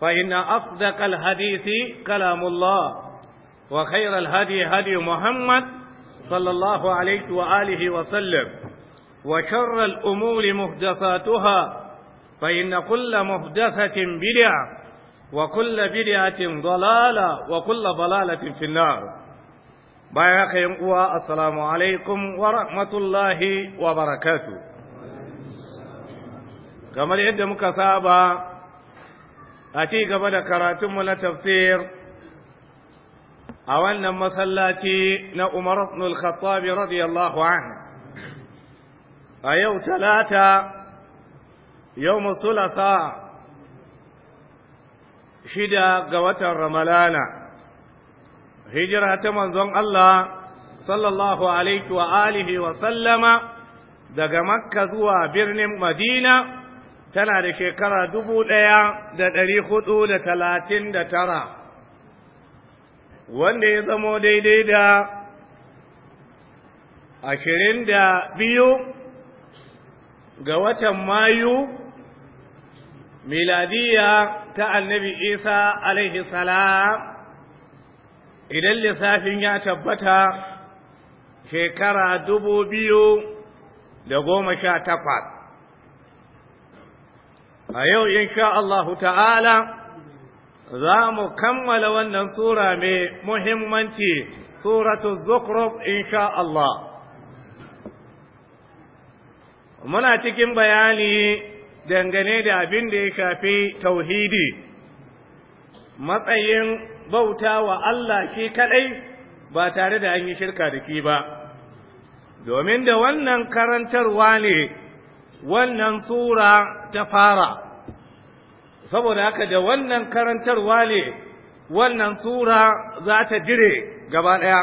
فإن أصدق الحديث كلام الله وخير الهدي هدي محمد صلى الله عليه وآله وسلم وشر الأمور محدثاتها فإن كل محدثة بدعة وكل بدعة ضلالة وكل ضلالة في النار بايعكم السلام عليكم ورحمة الله وبركاته كما يدمك سابا a ci gaba da karatunmu na tafsir a wannan masallaci na Umar ibn al-Khattab radiyallahu anhu a yau talata yau musulasa shida ga watan Ramadana, hijira ta manzon Allah sallallahu alaihi wa alihi wa sallama daga Makka zuwa birnin Madina tana da shekara dubu ɗaya da ɗari hudu da talatin da tara wanda ya zamo daidai da ashirin da biyu ga watan mayu miladiya ta annabi isa alaihi salam idan lissafin ya tabbata shekara dubu biyu da goma sha takwas a yau insha Allahu ta'ala za mu kammala wannan sura mai muhimmanci suratul zukhruf insha Allah muna cikin bayani dangane da abin da ya shafi tauhidi matsayin bauta wa Allah ke kaɗai ba tare da an yi shirka da ki ba domin da wannan karantarwa ne wannan sura ta fara saboda haka da wannan karantarwa ne wannan sura za ta dire gaba ɗaya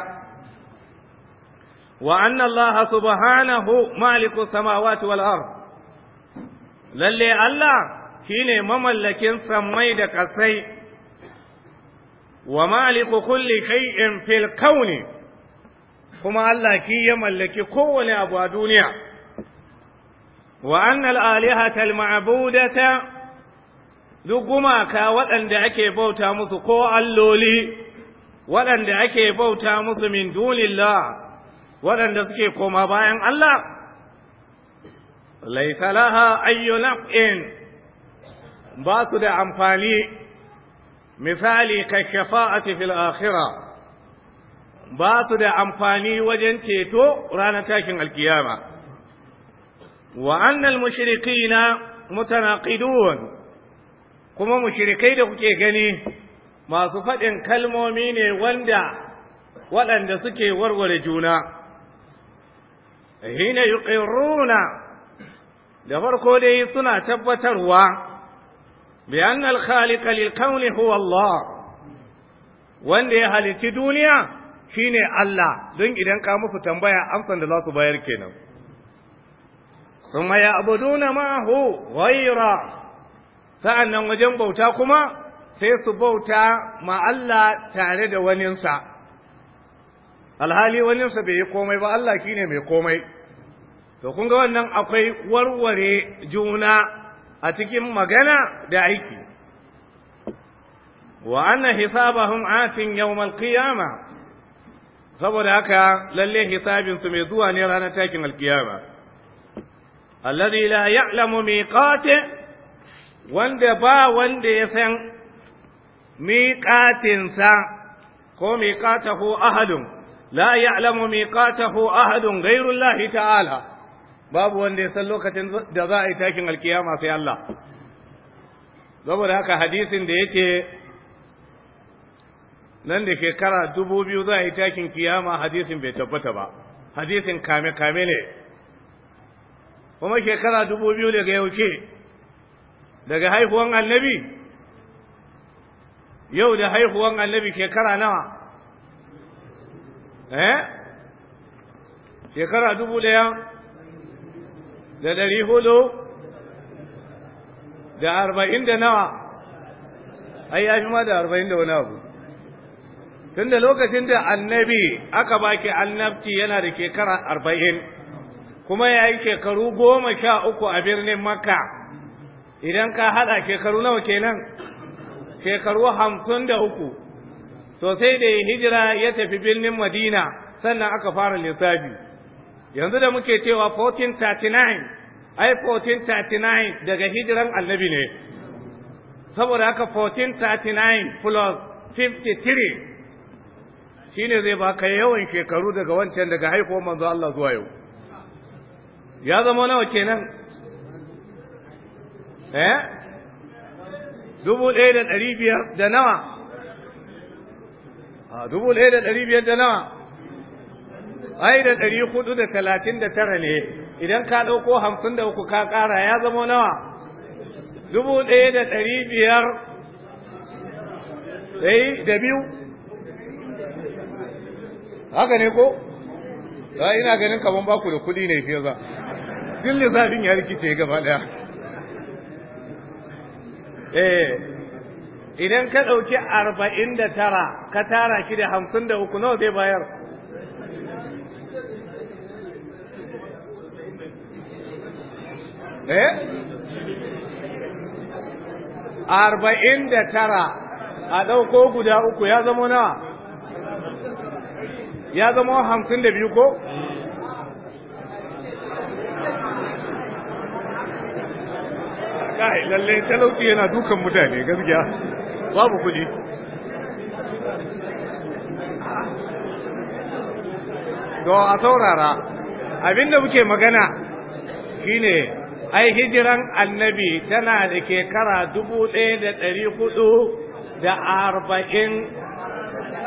wa anna allaha subhanahu maliku samawati wal ard lalle allah shine mamallakin sammai da kasai wa maliku kulli shay'in fil kauni kuma allah ki ya mallaki kowane abu a duniya wa annal alihatal ma'budata duk gumaka waɗanda ake bauta musu ko alloli waɗanda ake bauta musu min dunillah waɗanda suke koma bayan Allah Laisalaha laha ayyunaqin ba su da amfani misali kai shafa'ati fil akhirah ba su da amfani wajen ceto ranar takin alkiyama وأن المشركين متناقضون kuma mushrikai da kuke gani masu faɗin kalmomi ne wanda waɗanda suke warware juna hina yuqirruna da farko dai suna tabbatarwa bi anna al-khaliqa lil kawni huwa Allah wanda ya halitti duniya shine Allah don idan ka musu tambaya amsan da za su bayar kenan ثم يعبدون معه غيره sa'annan wajen bauta kuma sai su bauta ma Allah tare da waninsa alhali waninsa bai yi komai ba Allah shine mai komai to kun ga wannan akwai warware juna a cikin magana da aiki wa anna hisabahum atin yawmal qiyama saboda haka lallai hisabinsu mai zuwa ne ranar takin alkiyama alladhi la ya'lamu miqate wanda ba wanda ya san sa ko miqatahu ahadun la ya'lamu miqatahu ahadun ghayru Allah ta'ala babu wanda ya san lokacin da za a yi takin alkiyama sai Allah saboda haka hadisin da yake nan da shekara dubu biyu za a yi takin kiyama hadisin bai tabbata ba hadisin kame-kame ne kuma shekara dubu biyu daga ce daga haihuwan annabi yau da haihuwan annabi shekara nawa eh shekara dubu daya da dari hudu da arba'in da nawa ai ya fi ma da arba'in da wani abu tun da lokacin da annabi aka baki annabci yana da shekara arba'in kuma ya yi shekaru goma sha uku a birnin makka idan ka haɗa shekaru nawa kenan shekaru hamsin da uku to sai da ya hijira ya tafi birnin madina sannan aka fara lissafi yanzu da muke cewa 1439 ai 1439 daga hijiran annabi ne saboda haka 1439 plus 53 ne zai ba baka yawan shekaru daga wancan daga haifo manzo Allah zuwa yau ya zama nawa kenan eh dubu ɗaya da ɗari biyar da nawa a ah, dubu ɗaya da ɗari biyar da nawa ai da ɗari hudu da talatin da tara ne idan ka ɗauko hamsin da uku ka ƙara ya zama nawa dubu ɗaya da ɗari biyar ɗai da biyu haka ne ko ina ganin ba baku da kuɗi ne fiye za duk zafin ya rikice gaba daya eh idan ka ɗauki arba'in da tara ka tara shi da hamsin da uku nawa zai bayar eh arba'in da tara a ɗauko guda uku ya zama nawa ya zama hamsin da biyu ko kai lalle talauci yana dukan mutane gaskiya babu kuɗi to a saurara abinda muke magana shine ai hijiran annabi tana da kekara dubu ɗaya da ɗari hudu da arba'in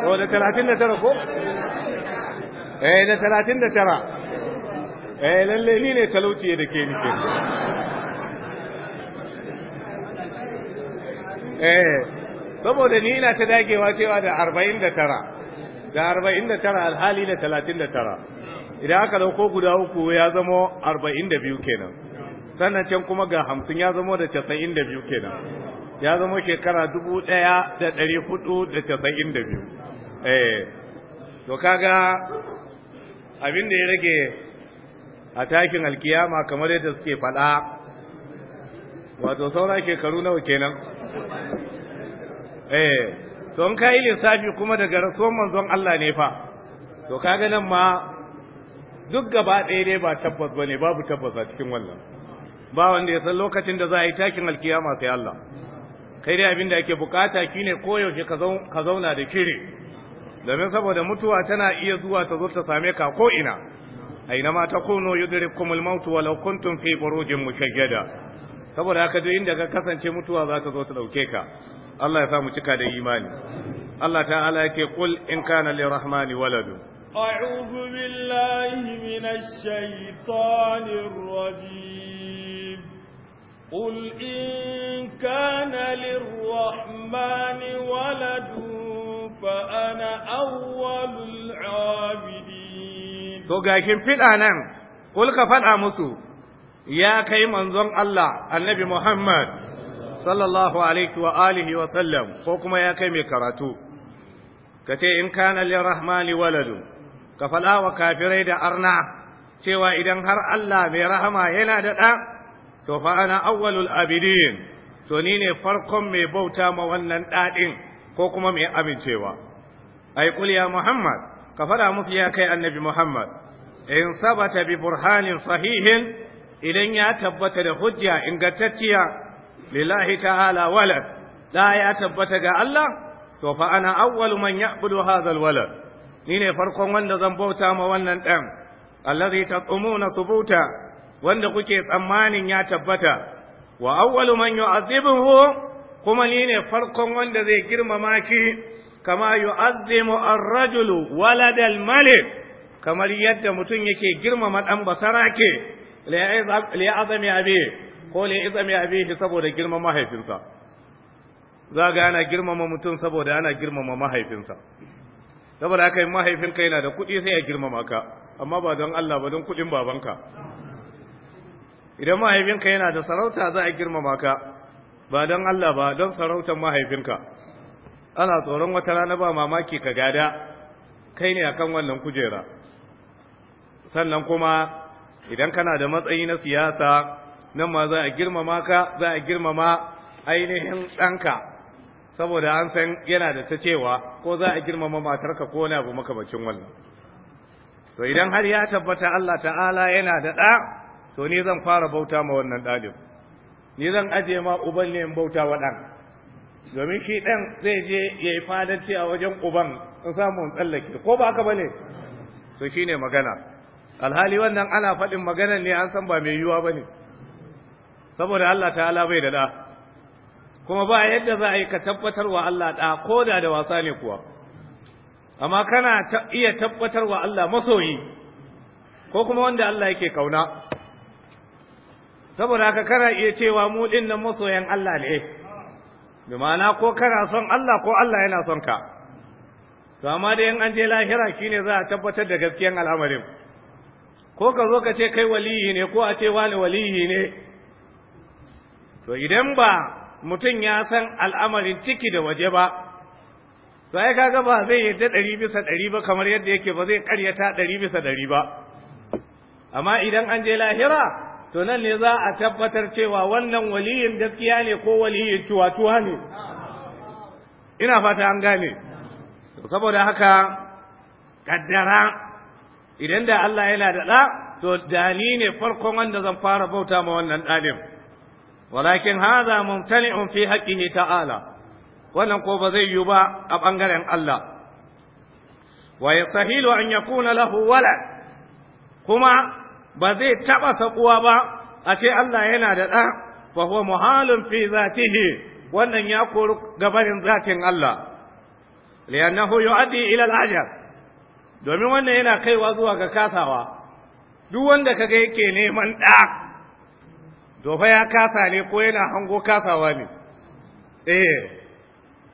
ko da talatin da tara ko? eh da talatin da tara eh lalle ni ne talauci da ke nike eh saboda ni ina ta dagewa cewa da arba'in da tara da da alhali da talatin da tara idan aka dauko guda uku ya zamo arba'in da biyu kenan sannan can kuma ga hamsin ya zamo da casa'in da biyu kenan ya zamo shekara dubu ɗaya da ɗari da casa'in da biyu eh to kaga abin da ya rage a takin alkiyama kamar yadda suke faɗa wato saura shekaru nawa kenan eh to an kai lissafi kuma daga rasuwan manzon Allah ne fa to kaga nan ma duk gaba ɗaya dai ba tabbas bane babu tabbas a cikin wannan ba wanda ya san lokacin da za a yi takin alkiyama sai Allah kai dai abin da ake bukata shine koyaushe ka zauna da kire domin saboda mutuwa tana iya zuwa ta zo ta same ka ko ina aina ma takunu yudrikumul maut walau kuntum fi burujin saboda haka duk inda ka kasance mutuwa za ta zo ta dauke ka Allah ya sa mu cika da imani Allah ta'ala yake kul in kana rahmani waladu a'udhu billahi minash shaitanir rajim qul in kana rahmani waladu fa ana awwalul abidin to ga kin fida nan kul ka fada musu ya kai manzon Allah annabi Muhammad sallallahu alaihi wa alihi wa sallam ko kuma ya kai mai karatu kace in kana rahmani waladu ka faɗa wa kafirai da arna cewa idan har Allah mai rahama yana da ɗa to fa ana awwalul abidin to ni ne farkon mai bauta ma wannan ɗaɗin ko kuma mai amincewa ai kul ya Muhammad ka faɗa musu ya kai annabi Muhammad in sabata bi burhanin sahihin idan ya tabbata da hujja ingantacciya lillahi ta'ala walad da ya tabbata ga Allah to fa ana awwalu man ya'budu hadha alwalad ni ne farkon wanda zan bauta ma wannan dan allazi taqumuna subuta wanda kuke tsammanin ya tabbata wa awwalu man yu'adhibuhu kuma ni ne farkon wanda zai girmama ki kama yu'azzimu ar-rajulu walad al-malik kamar yadda mutum yake girmama dan ke li'azami abi ko li'azami abi saboda girman mahaifinsa za ga ana girmama mutum saboda ana girmama mahaifinsa saboda haka mahaifinka yana da kuɗi sai ya girmama ka amma ba don Allah ba don kuɗin babanka idan mahaifinka yana da sarauta za a girmama ka ba don Allah ba don sarautar mahaifinka ana tsoron wata rana ba mamaki ka gada kai ne akan wannan kujera sannan kuma idan kana da matsayi na siyasa nan ma za a girmama ka za a girmama ainihin ɗanka saboda an san yana da ta cewa ko za a girmama matarka ko wani abu makabacin wannan to idan har ya tabbata Allah ta'ala yana da ɗa to ni zan fara bauta ma wannan ɗalib ni zan ajiye ma uban ne in bauta wa ɗan domin shi ɗan zai je ya yi fadanci a wajen uban in samun tsallake ko ba haka ba ne to shine magana alhali wannan ana faɗin maganar ne an san ba mai yiwuwa ba ne saboda Allah ta'ala bai da ɗa kuma ba yadda za a yi ka tabbatar wa Allah ɗa ko da da wasa ne kuwa amma kana iya tabbatar wa Allah masoyi ko kuma wanda Allah yake kauna saboda haka kana iya cewa mu ɗin nan masoyan Allah ne bi ma'ana ko kana son Allah ko Allah yana son ka to amma da yan an je lahira shine za a tabbatar da gaskiyan al'amarin ko ka zo ka ce kai waliyi ne ko a ce wani waliyi ne to idan ba mutum ya san al'amarin ciki da waje ba to ai kaga ba zai yadda ɗari bisa ɗari ba kamar yadda yake ba zai karyata ɗari bisa ɗari ba amma idan an je lahira to nan ne za a tabbatar cewa wannan waliyin gaskiya ne ko waliyin tuwa-tuwa ne ina fata an gane saboda haka kaddara idan da Allah yana da ɗa to da ni ne farkon wanda zan fara bauta ma wannan ɗalin walakin haza mumtani'un fi haqqihi ta'ala wannan ko ba zai yi ba a bangaren Allah wa sahilu an yakuna lahu walad kuma ba zai taba sakuwa ba a ce Allah yana da ɗa fa huwa muhalun fi zatihi wannan ya kori gabarin zatin Allah li'annahu yu'addi ila al domin wannan yana kaiwa zuwa ga kasawa duk wanda kaga yake neman ɗa dofa ya kasa ne ko yana hango kasawa ne eh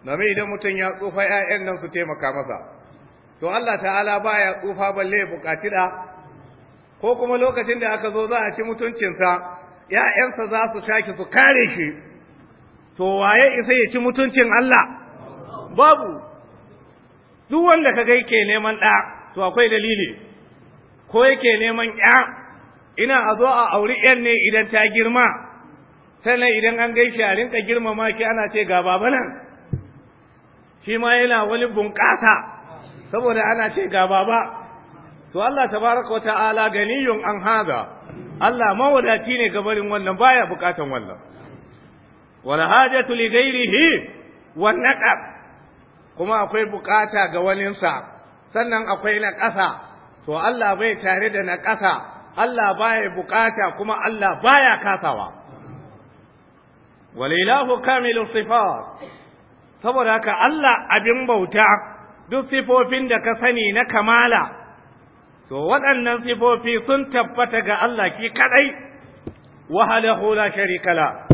domin idan mutum ya tsufa ‘ya'yan nan su taimaka masa to Allah ta'ala baya tsufa balle ya buƙaci ɗa ko kuma lokacin da aka zo za a ci mutuncinsa ‘ya'yansa za su taki su kare shi to waye isa ya ci mutuncin Allah babu duk wanda ka yake neman ɗa to akwai dalili ko yake neman ya ina a zo a auri yan ne idan ta girma sannan idan an gaishe a rinka girmama ki ana ce ga baba nan shi ma yana wani bunƙasa saboda ana ce ga baba to Allah tabaraka wa ta'ala ganiyun an haza Allah mawadaci ne ga barin wannan baya bukatan wannan wala hajatu li ghairihi wa naqab kuma akwai bukata ga waninsa sannan akwai na ƙasa to Allah bai tare da na ƙasa Allah baya bukata kuma Allah baya kasawa walilahu kamilu sifat saboda haka Allah abin bauta duk sifofin da ka sani na kamala to waɗannan sifofi sun tabbata ga Allah ki kaɗai, wahala hula sharikala la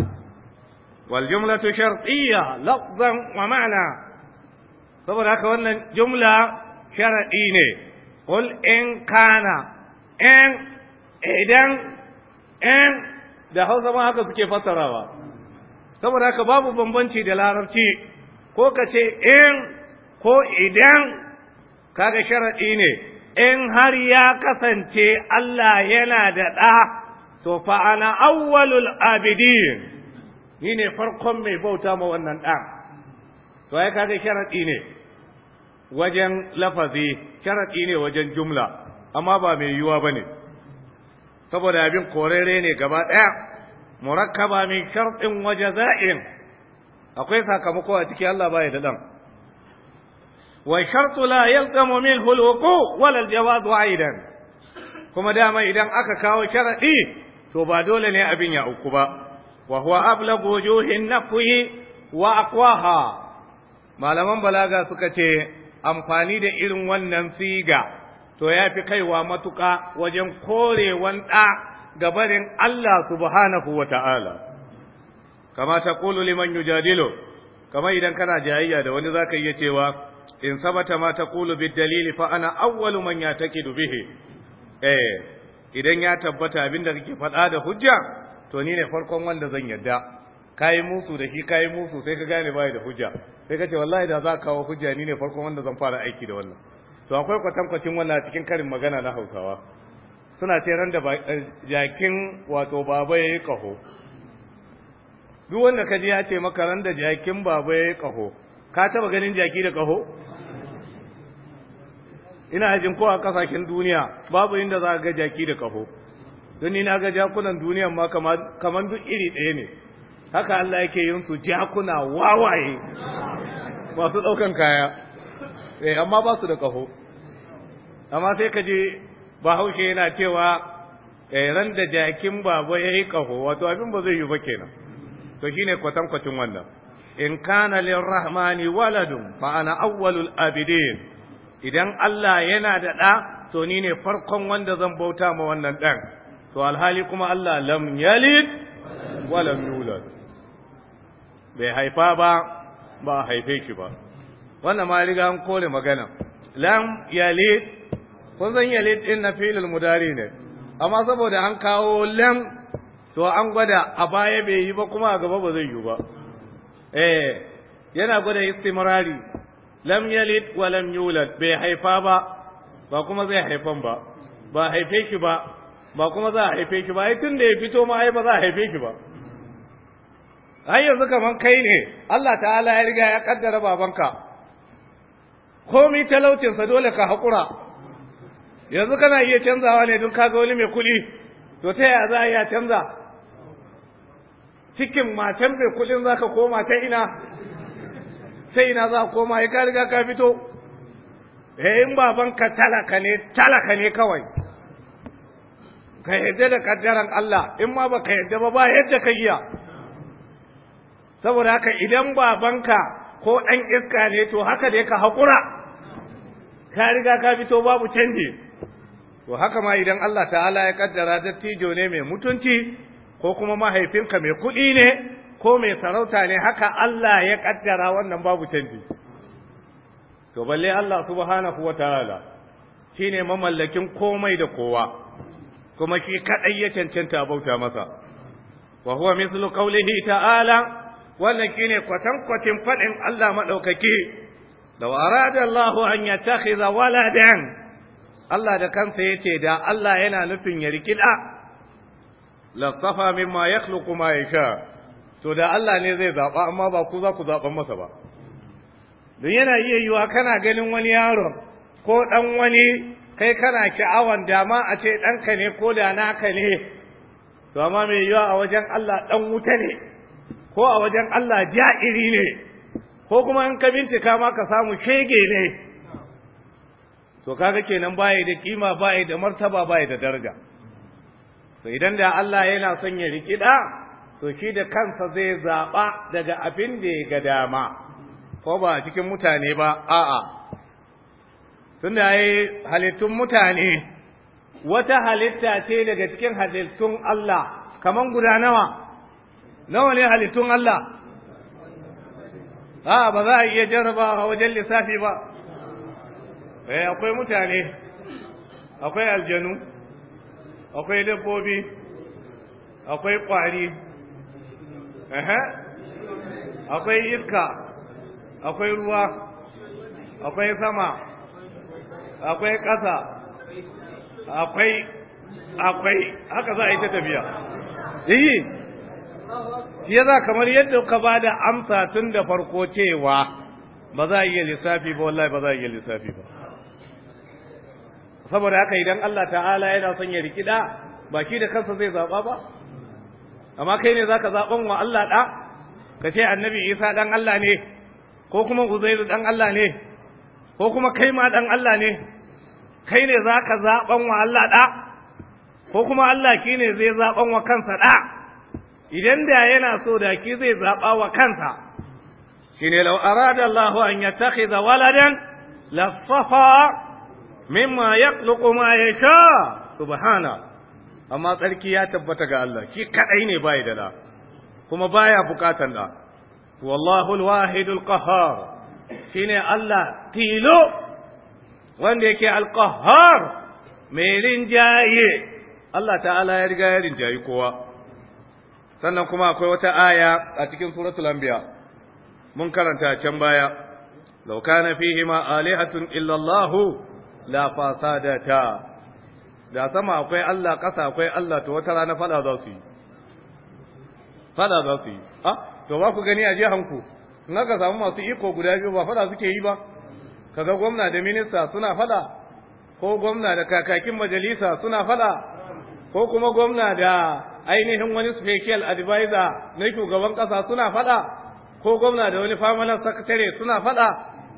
wal jumlatu shartiyya lafzan saboda haka wannan jumla sharaɗi ne Kul in kana in idan in da hausa ma haka suke fassarawa saboda haka babu bambanci da larabci ko ka ce in ko idan kaga sharaɗi ne in har ya kasance Allah yana da ɗa to fa ana awwalul abidin ni ne farkon mai bauta ma wannan ɗan to ai kaga sharaɗi ne wajen lafazi sharaɗi ne wajen jumla amma ba mai yiwuwa ba ne saboda abin korere ne gaba ɗaya murakkaba min sharɗin waje za'in akwai sakamako a ciki Allah baya da ɗan wa shartu la yalzamu min hulwuku wala aljawaz wa'idan kuma dama idan aka kawo sharaɗi to ba dole ne abin ya uku ba wa huwa ablagu wujuhin nafhi wa aqwaha malaman balaga suka ce amfani da irin wannan siga to ya fi kaiwa matuƙa wajen kore wanda ga barin Allah subhanahu wa ta'ala. Kama ta ƙulu liman yujadilu, kama idan kana jayayya da wani za ka iya cewa, in sabata ma ta ƙulu bid dalili fa ana awwalu man ya take bihi. Eh, idan ya tabbata abin da kake faɗa da hujja, to ni ne farkon wanda zan yadda. kayi musu da shi kayi musu sai ka gane bai da hujja sai ka ce wallahi da za ka kawo hujja ni ne farkon wanda zan fara aiki da wannan to akwai kwatankwacin wannan cikin karin magana na hausawa suna ce ran da eh, jakin wato baba ya kaho duk wanda ka ji ya ce maka ran da jakin baba ya kaho ka taba ganin jaki da kaho ina hajin ko a kasashen duniya babu inda za ga jaki da kaho don ni na ga jakunan duniya ma kaman duk iri ɗaya ne haka Allah yake yin su jakuna wawaye masu ɗaukan kaya eh amma ba su da ƙaho amma sai ka je bahaushe yana cewa eh ran da jakin baba ya yi ƙaho wato abin ba zai yi ba kenan to shine kwatankwacin wannan in kana rahmani waladun fa ana awwalul abidin idan Allah yana da ɗa to ni ne farkon wanda zan bauta ma wannan ɗan to alhali kuma Allah lam yalid wala yulad bai haifa ba ba a haife shi ba wannan ma riga an kore magana lam yalid kun san yalid din na filil mudari ne amma saboda an kawo lam to an gwada a baya bai yi ba kuma a gaba ba zai yi ba eh yana gwada istimrari lam yalid wa lam yulad bai haifa ba ba kuma zai haifan ba ba haife shi ba ba kuma za a haife shi ba ai tun da ya fito ma ai ba za a haife shi ba har yanzu kaman kai ne Allah ta'ala ya riga ya kaddara babanka komi talaucinsa dole ka haƙura yanzu kana iya canzawa ne don kaga wani mai kuɗi to ta yaya za a iya canza cikin matan mai kuɗin za ka koma ta ina ta ina za ka koma ya ka riga ka fito eh in babanka talaka ne talaka ne kawai ka yadda da kaddaran Allah in ma ba ka yadda ba ba yadda ka giya saboda haka idan babanka ko ɗan iska ne to haka dai ka haƙura ka riga ka fito babu canji to haka ma idan Allah ta'ala ya kaddara dattijo ne mai mutunci ko kuma mahaifinka mai kuɗi ne ko mai sarauta ne haka Allah ya kaddara wannan babu canji to balle Allah subhanahu wataala shine mamallakin komai da kowa kuma shi kadai ya cancanta bauta masa wa huwa mithlu qawlihi ta'ala wannan ne kwatankwacin faɗin Allah maɗaukaki da arada Allah an takhiza waladan Allah da kansa yace da Allah yana nufin ya rikida lasafa mimma yakhluqu ma yasha to da Allah ne zai zaba amma ba ku za ku zaban masa ba don yana iya yiwa kana ganin wani yaro ko dan wani kai kana sha'awan dama a ce ɗanka ne ko da naka ne to amma mai yiwa a wajen Allah ɗan wuta ne ko a wajen Allah ja'iri ne ko kuma in ka bincika ma ka samu shege ne to kaga kenan baya da kima baya da martaba baya da daraja to idan da Allah yana son ya riki da to shi da kansa zai zaba daga abin da ya ga dama ko ba cikin mutane ba a'a da yayi halittun mutane wata halitta ce daga cikin halittun Allah kaman guda nawa nawa ne halittun Allah a ba za a iya jarraba a wajen lissafi ba eh akwai mutane akwai aljanu akwai dabbobi akwai kwari akwai iska akwai ruwa akwai sama akwai ƙasa akwai akwai haka za a yi ta tafiya yi shi yasa kamar yadda ka ba da amsa tun da farko cewa ba za a iya lissafi ba wallahi ba za a iya lissafi ba saboda haka idan Allah ta'ala yana son ya riki da baki da kansa zai zaba ba amma kai ne zaka zaban wa Allah da ka ce annabi Isa dan Allah ne ko kuma Uzairu dan Allah ne ko kuma kai ma dan Allah ne kai ne zaka zaban wa Allah da ko kuma Allah kine zai zaban wa kansa da idan da yana so da ki zai zaɓa wa kansa shine law arada Allahu an yattakhidha waladan lafafa mimma yakhluqu ma yasha subhana amma tsarki ya tabbata ga Allah shi kadai ne bai da la kuma baya bukatan da wallahu alwahid alqahhar shine Allah tilo wanda yake alqahhar mai rinjaye Allah ta'ala ya riga ya rinjayi kowa sannan kuma akwai wata aya a cikin suratul anbiya mun karanta can baya law kana fihi ma alihatun illa allah la fasadata da sama akwai Allah ƙasa akwai Allah to wata rana fada za su yi fada za su yi ah to ba ku gani a jihanku in aka samu masu iko guda biyu ba fada suke yi ba kaga gwamna da minista suna fada ko gwamna da kakakin majalisa suna fada ko kuma gwamna da ainihin wani special advisor na shugaban ƙasa suna faɗa ko gwamna da wani famalar sakatare suna faɗa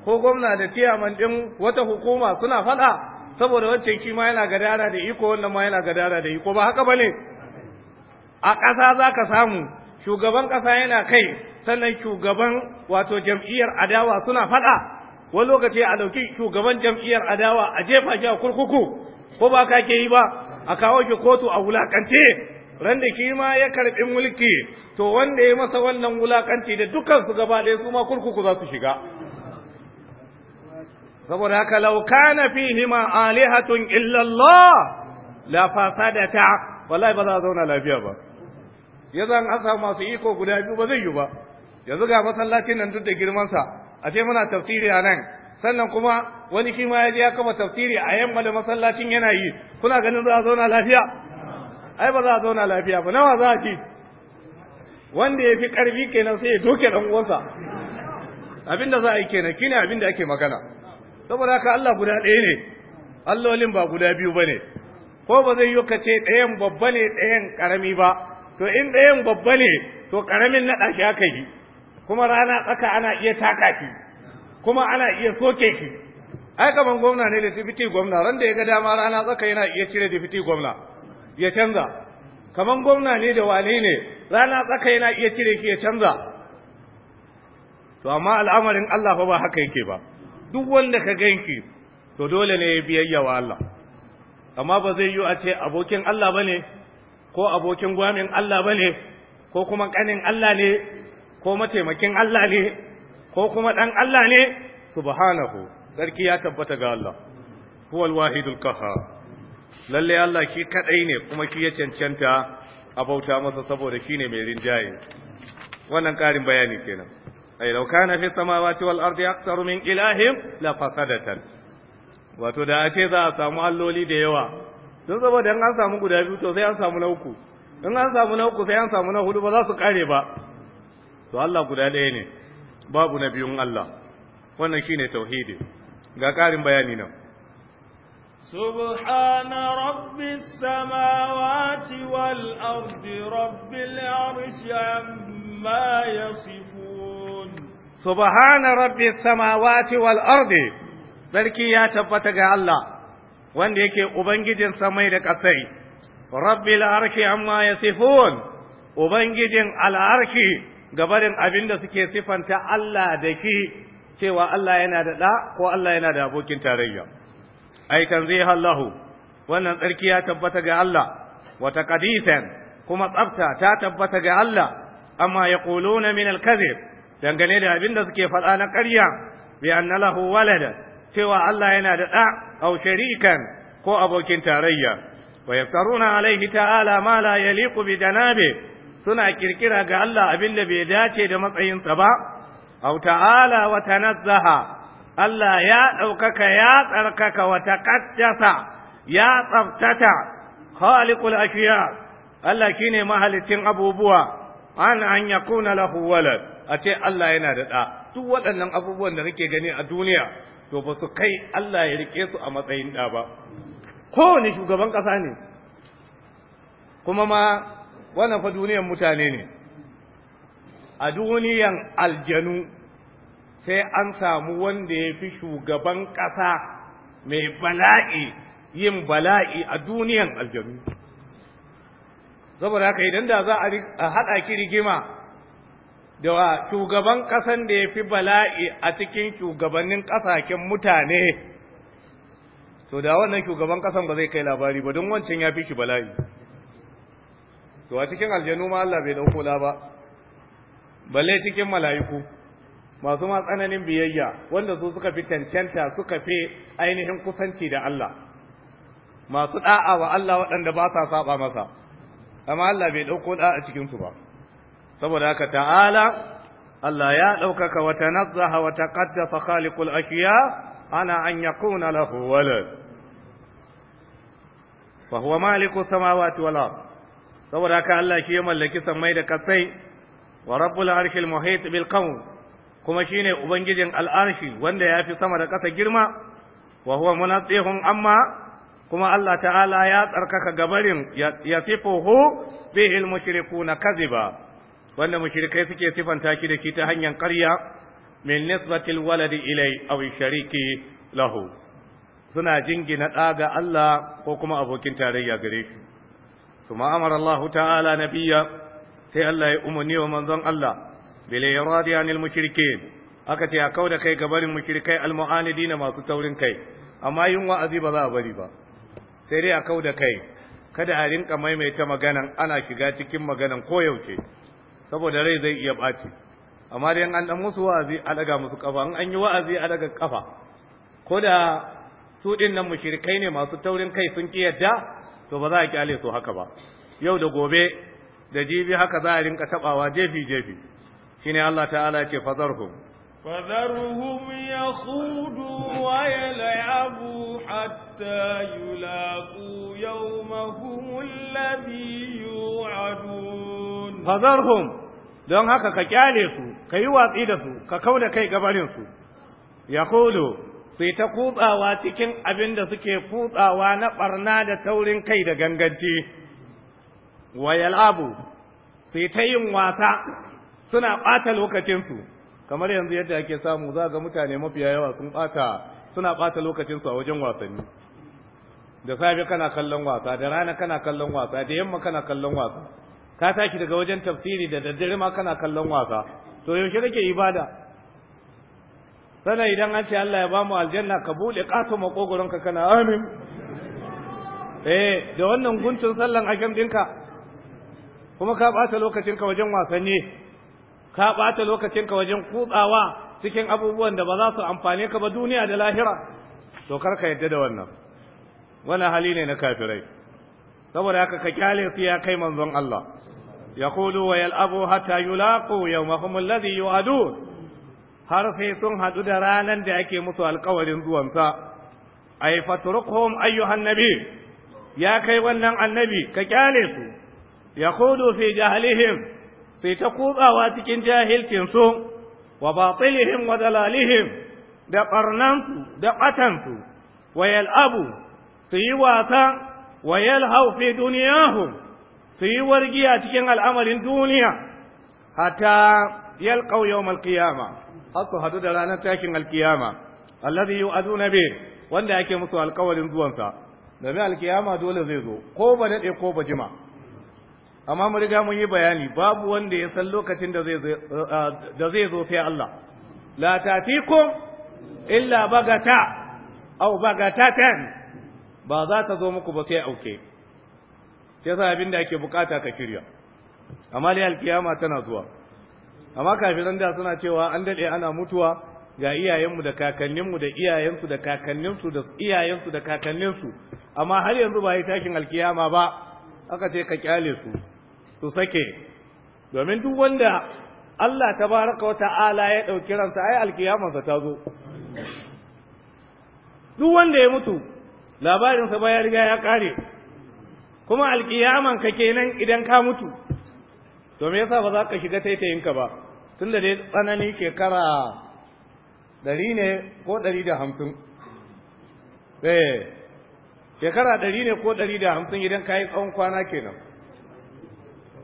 ko gwamna da ciyaman ɗin wata hukuma suna faɗa saboda wacce ki ma yana gadara da iko wannan ma yana gadara da iko ba haka ba ne a ƙasa za ka samu shugaban ƙasa yana kai sannan shugaban wato jam'iyyar adawa suna faɗa wani lokaci a ɗauki shugaban jam'iyyar adawa a jefa shi a kurkuku ko ba ka ke yi ba a kawo shi kotu a wulakance ran da shi ma ya karɓi mulki to wanda ya masa wannan wulakanci da dukkan su gaba ɗaya su ma kurkuku za su shiga saboda haka law kana fihi ma alihatun illa Allah la fasadata wallahi ba za a zauna lafiya ba yanzu an asa masu iko guda biyu ba zai yi ba yanzu ga masallacin nan duk da girmansa a ce muna tafsiri a nan sannan kuma wani shi ma ya je ya kama tafsiri a yamma da masallacin yana yi kuna ganin za a zauna lafiya ai ba za a zauna lafiya ba nawa za a ci wanda ya fi ƙarfi kenan sai ya doke ɗan uwansa abinda za a yi kenan kine abinda ake magana saboda haka Allah guda ɗaya ne allolin ba guda biyu ba ne ko ba zai yi ka ce ɗayan babba ne ɗayan ƙarami ba to in ɗayan babba ne to ƙaramin naɗa shi aka yi kuma rana tsaka ana iya taka ki kuma ana iya soke ki ai kaman gwamna ne da tifiti gwamna ran da ya ga dama rana tsaka yana iya cire tifiti gwamna ya canza kamar gwamna ne da wane ne rana tsaka yana iya cire ki ya canza to amma al'amarin Allah fa ba haka yake ba duk wanda ka ganki to dole ne ya biyayya wa Allah amma ba zai yi a ce abokin Allah bane ko abokin gwamin Allah bane ko kuma kanin Allah ne ko mataimakin Allah ne ko kuma dan Allah ne subhanahu sarki ya tabbata ga Allah huwal wahidul qahhar lalle Allah ki kadai ne kuma ki ya cancanta a bauta masa saboda ki ne mai rinjaye wannan karin bayani kenan ai law kana fi samawati wal ardi aktsaru min ilahin la fasadatan wato da ake za a samu alloli da yawa don saboda in an samu guda biyu to sai an samu na uku in an samu na uku sai an samu na hudu ba za su kare ba to Allah guda ɗaya ne babu na biyun Allah wannan shine tauhidi ga karin bayani nan سبحان رب السماوات والأرض رب العرش عما يصفون سبحان رب السماوات والأرض بلكي يا تبتك الله wanda yake ubangijin samai da ƙasai rabbil arki amma yasifun ubangijin al'arki gabarin abin da suke sifanta Allah da ki cewa Allah yana da ɗa ko Allah yana da abokin tarayya ai kan zai hallahu wannan tsarki ya tabbata ga Allah wa taqdisan kuma tsafta ta tabbata ga Allah amma yaquluna min al-kadhib dangane da abin da suke faɗa na ƙarya bi anna lahu walada cewa Allah yana da ɗa au sharikan ko abokin tarayya wa yaftaruna alaihi ta'ala ma la yaliqu bi janabi suna kirkira ga Allah abin da bai dace da matsayinsa ba, au ta'ala wa tanazzaha Allah ya ɗaukaka ya tsarkaka wata taqaddasa ya tsaftata khaliqul ashiya Allah shine mahalicin abubuwa an an yakuna lahu walad a ce Allah yana da da duk waɗannan abubuwan da nake gani a duniya to ba su kai Allah ya rike su a matsayin da ba kowane shugaban ƙasa ne kuma ma wannan fa duniyar mutane ne a duniyar aljanu sai an samu wanda ya fi shugaban ƙasa mai bala'i yin bala'i a duniyan aljanu saboda haka idan da za a haɗa ki rigima da shugaban ƙasan da ya fi bala'i a cikin shugabannin ƙasashen mutane to da wannan shugaban ƙasan ba zai kai labari ba don wancan ya fi shi bala'i to a cikin aljanu ma Allah bai ɗauko la ba balle cikin mala'iku masu ma tsananin biyayya wanda su suka fi cancanta suka fi ainihin kusanci da Allah masu da'a wa Allah waɗanda ba sa saba masa amma Allah bai ɗauko da'a cikin su ba saboda haka ta'ala Allah ya ɗaukaka wa tanazzaha wa taqaddasa khaliqul ashiya ana an yakuna lahu walad fa huwa maliku samawati wal ard saboda haka Allah shi ya mallaki sammai da kasai wa rabbul arshil muhit bil qawm kuma shine ubangijin al'arshi wanda ya fi sama da ƙasa girma wa huwa tsehun amma kuma Allah ta'ala ya tsarkaka gabarin ya sifuhu bihi al-mushrikuna kadhiba wanda mushrikai suke sifanta shi da shi ta hanyar ƙarya min nisbati waladi ilai aw shariki lahu suna jingina ɗa ga Allah ko kuma abokin tarayya gare shi kuma amara Allah ta'ala Nabiya, sai Allah ya umarni wa manzon Allah bil iradi anil mushrikin aka ce a kauda kai ga barin mushrikai al mu'anidin masu taurin kai amma yin wa'azi ba za a bari ba sai dai a kauda kai kada a rinka maimaita magana ana shiga cikin maganan yauke saboda rai zai iya ɓaci amma dai an dan musu wa'azi a daga musu kafa an an yi wa'azi a daga kafa ko da su din nan mushrikai ne masu taurin kai sun ki yadda to ba za a kyale su haka ba yau da gobe da jibi haka za a rinka tabawa jefi jefi shine Allah ta'ala yake fazarhum fazarhum yakhudu wa yal'abu hatta yulaqu yawmahum alladhi yu'adun fazarhum don haka ka kyale su ka yi watsi da su ka kauna kai gabanin su yaqulu sai ta kutsawa cikin abin da suke kutsawa na barna da taurin kai da ganganci wa yal'abu sai ta yin wasa suna ɓata lokacinsu kamar yanzu yadda ake samu za ga mutane mafiya yawa sun ɓata suna ɓata lokacinsu a wajen wasanni da safe kana kallon wasa da rana kana kallon wasa da yamma kana kallon wasa ka tashi daga wajen tafsiri da daddare ma kana kallon wasa to yaushe kake ibada sannan idan an ce Allah ya bamu aljanna ka buɗe ƙato maƙogoronka kana amin eh da wannan guntun sallan akan ɗinka kuma ka ɓata lokacinka wajen wasanni ka ɓata lokacinka wajen kutsawa cikin abubuwan da ba za su amfane ka ba duniya da lahira to kar ka yadda da wannan wannan hali ne na kafirai saboda haka ka kyale su ya kai manzon Allah yaqulu wa yal'abu hatta yulaqu yawmahum alladhi yu'adun har sai sun haɗu da ranar da ake musu alkawarin zuwansa ai fatrukhum ayyuhan nabi ya kai wannan annabi ka kyale su yaqulu fi jahlihim sai ta kutsawa cikin jahilcinsu wa batilihim wa dalalihim da ɓarnansu da ɓatansu wa yal'abu su yi wasa wa yalhau fi duniyahum su yi wargiya cikin al'amarin duniya hatta yalqau yawmal qiyama hadu da ranar takin alkiyama alladhi yu'aduna bi wanda ake musu alkawarin zuwansa Da mai alkiyama dole zai zo ko ba daɗe ko ba jima amma mu riga mun yi bayani babu wanda ya san lokacin da zai eh, da zai zo sai Allah la tatikum illa bagata aw bagatatan ba za ta zo muku ba sai auke sai sa abin da ake bukata ka kirya amma dai alkiyama tana zuwa amma kafiran da suna cewa an dade ana mutuwa ga iyayenmu da kakanninmu da iyayensu da kakanninsu da iyayensu da kakanninsu amma har yanzu ba yi takin alkiyama ba aka ce ka kyale su su sake domin duk wanda Allah ta baraka wata ala ya ɗauki ransa ai alkiyamarsa ta zo duk wanda ya mutu labarinsa ba ya riga ya ƙare kuma alkiyaman ka kenan idan ka mutu to me yasa ba za ka shiga taitayinka ba tunda dai tsanani shekara ɗari ne ko ɗari da hamsin eh shekara ɗari ne ko ɗari da hamsin idan ka yi tsawon kwana kenan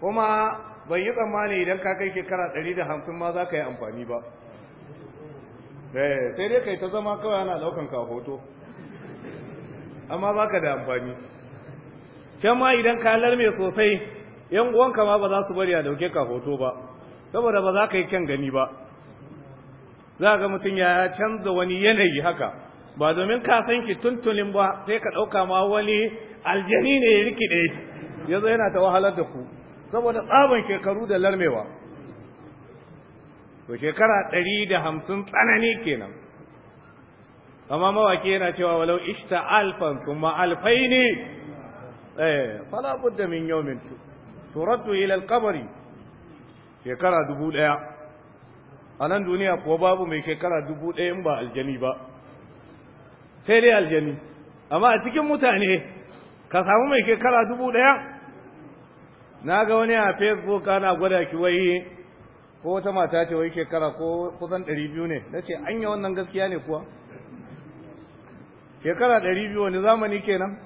kuma bai yi tsammani idan ka kai shekara ɗari da hamsin ma za ka yi amfani ba eh, sai dai kai ta zama kawai ana ɗaukan ka hoto amma ba ka da amfani can ma idan ka larme sosai yan uwanka ma ba za su bari a dauke ka hoto ba saboda ba za ka yi kyan gani ba za ga mutum ya canza wani yanayi haka ba domin ka san ki tuntunin ba sai ka ɗauka ma wani aljani ne ya rikide ya yana ta wahalar da ku saboda tsaban shekaru da larmewa to shekara ɗari da hamsin tsanani kenan amma mawaƙi yana cewa walau ishta alfan kuma alfai ne eh, fala budda min yawmin suratu ila alqabri shekara dubu ɗaya a nan duniya kuwa babu mai shekara dubu ɗaya in ba aljani ba sai dai aljani amma a cikin mutane ka samu mai shekara dubu ɗaya na ga wani a facebook ana gwada ki wai ko wata mata ce wai shekara ko kusan ɗari biyu ne na ce yi wannan gaskiya ne kuwa shekara ɗari biyu wani zamani kenan